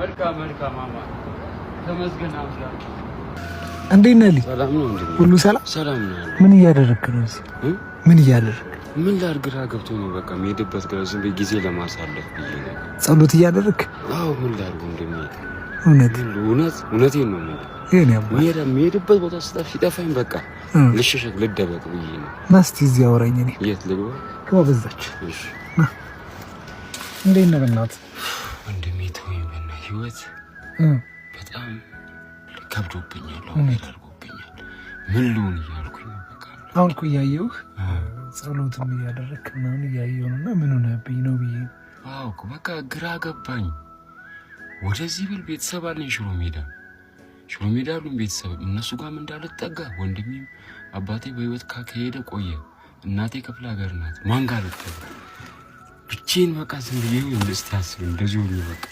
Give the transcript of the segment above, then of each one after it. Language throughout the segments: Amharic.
መልካም መልካም አማ ተመስገን። እንዴት ነህ? ሰላም ነው እንዴ? ሁሉ ሰላም ሰላም ነው። ምን እያደረግክ ነው? ምን እያደረግክ ምን ላድርግ? ግራ ገብቶ ነው በቃ የምሄድበት ግራ ዝም ብዬ ጊዜ ለማሳለፍ ብዬ ነው። ጸሎት እያደረግክ? አዎ። ምን ላድርግ? እንደሚሄድ እውነት እውነት እውነቴን ነው የምልህ። ይሄን ያው የምሄድበት ሲጠፋኝ በቃ ልሸሸግ ልደበቅ ብዬ ነው። ና እስኪ እዚህ አውራኝ። እኔ የት ልግባ? ግባ በዛች። እንዴት ነህ በእናትህ? ወንድሜ ተወኝ፣ በእናትህ ህይወት በጣም ከብዶብኛል፣ አድርጎብኛል። ምን ልሆን እያልኩኝ አሁን እኮ እያየሁህ ጸሎትም እያደረግክ ምናምን እያየሁ እና ምን ሆነብኝ ነው ብዬ አዎ፣ በቃ ግራ ገባኝ። ወደዚህ ብል ቤተሰብ አለኝ ሽሮ ሜዳ ሽሮ ሜዳ አሉኝ ቤተሰብ እነሱ ጋርም እንዳልጠጋ ወንድሜም አባቴ በህይወት ካከሄደ ቆየ። እናቴ ክፍለ ሀገር ናት። ማን ጋር ልጠጋ ብቼን በቃ ዝም ብዬ እንደዚህ ታስብ እንደዚህ በቃ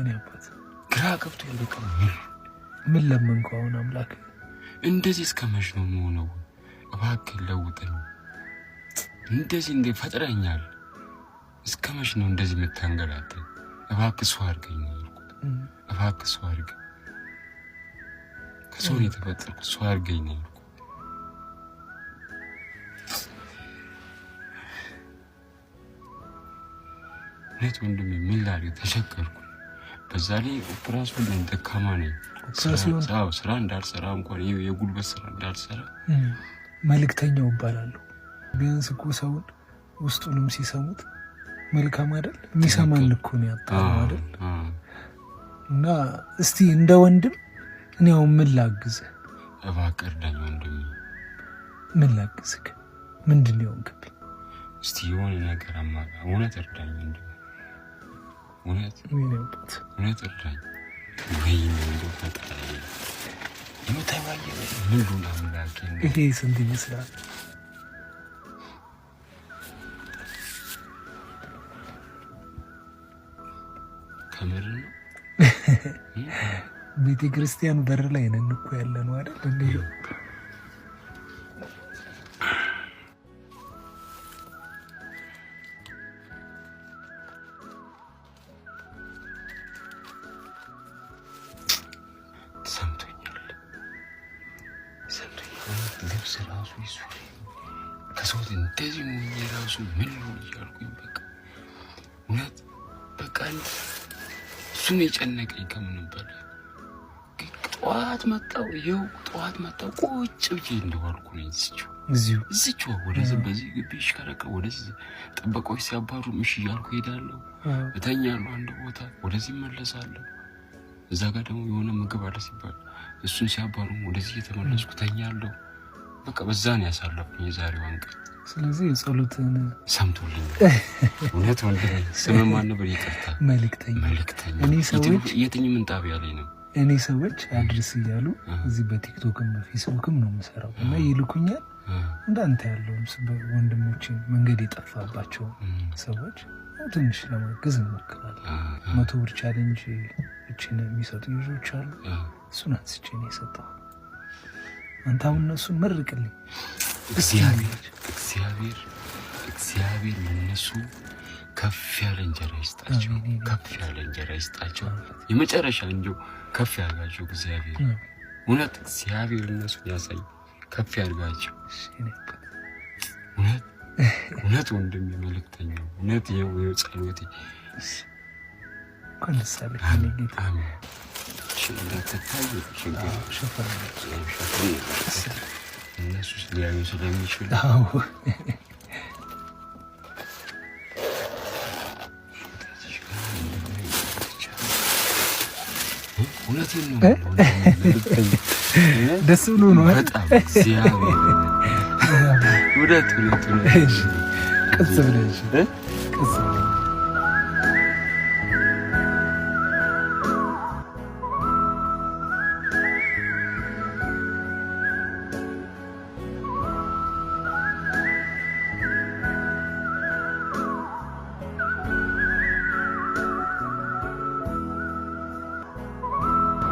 እኔ አባት ግራ ገብቶኝ በቃ ምን ለመንኩ አሁን አምላክ። እንደዚህ እስከ መች ነው የምሆነው? እባክህን ለውጠኝ። እንደዚህ እንደ ፈጥረኛል እስከ መች ነው እንደዚህ የምታንገላተኝ? እባክህ ሰው አድርገኝ ነው ያልኩት። እባክህ ሰው አድርገኝ፣ ከሰው ነው የተፈጠርኩት። ሰው አድርገኝ ነው እህት ወንድም ምን ላድርግ ተቸገርኩ። በዛ ላይ ኦፕራስ ሁሉም ደካማ ነኝ። ስራ እንዳልሰራ እንኳን የጉልበት ስራ እንዳልሰራ መልእክተኛው እባላለሁ። ቢያንስ እኮ ሰውን ውስጡንም ሲሰሙት መልካም አይደል? የሚሰማን እኮ ነው ያጣነው አይደል? እና እስቲ እንደ ወንድም እኔ ያው ምን ላግዝህ? እባክህ እርዳኝ ወንድም። ምን ላግዝ? ምንድን ነው የሆንክብኝ? እስቲ የሆነ ነገር እውነት እርዳኝ ወንድም እውነት እውነት እርዳኝ ወይ እንደው ፈጣሪ የምታይዋየ ምንዱ ለአምላኬ ይሄ ስንት ይመስላል? ከምር ነው። ቤተ ክርስቲያኑ በር ላይ ነን እኮ ያለ ነው አይደል? ልብስ ራሱ ይሱ ከሰው እንደዚህ የራሱ ምን ነው እያልኩኝ በቃ እውነት በቃ እሱን የጨነቀኝ ከምንም በላይ ጠዋት መጣሁ። ይኸው ጠዋት መጣሁ። ቁጭ ብዬ እንደዋልኩ ነው እዚችው እዚሁ እዚችው ወደዚህ በዚህ ግቢ ይሽከረከር ወደዚህ ጥበቆች ሲያባሩ ምሽ እያልኩ ሄዳለሁ፣ እተኛለሁ አንድ ቦታ ወደዚህ እመለሳለሁ። እዛ ጋር ደግሞ የሆነ ምግብ አለ ሲባል እሱን ሲያባሉ ወደዚህ እየተመለስኩ ተኛለሁ። በቃ በዛ ነው ያሳለፍኩኝ የዛሬዋን ቀን። ስለዚህ የጸሎትን ሰምቶልኝ እውነት ወል ስምህ ማን ነበር? ይቅርታ መልክተኛ፣ መልክተኛ። እኔ ሰዎች ያለኝ ነው እኔ ሰዎች አድርስ እያሉ እዚህ በቲክቶክም በፌስቡክም ነው የምሰራው እና ይልኩኛል እንዳንተ ያለው ወንድሞች መንገድ የጠፋባቸው ሰዎች ትንሽ ለማገዝ እንሞክራለን። መቶ ብር ቻሌንጅ እችን የሚሰጡ ልጆች አሉ። እሱን አንስቼ ነው የሰጠው። አንተ አሁን እነሱን መርቅልኝ። እግዚአብሔር እግዚአብሔር እግዚአብሔር ከፍ ያለ እንጀራ ይስጣቸው፣ ከፍ ያለ እንጀራ ይስጣቸው። የመጨረሻ እንጆ ከፍ ያላቸው እግዚአብሔር እውነት እግዚአብሔር እነሱን ያሳይ ከፍ ያድርጋቸው። እውነት እውነት ወንድሜ መልእክተኛው እውነት ይኸው እነሱ ሊያዩ ስለሚችሉ እውነቴን ነው። ደስ ብሎ ነው። በጣም እግዚአብሔር ሁለት ሁለት ሁለት ቅጽ ብለሽ ቅጽ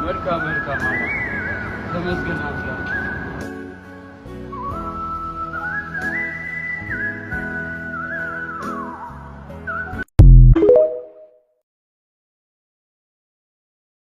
መልካም መልካም रमेश के नाम का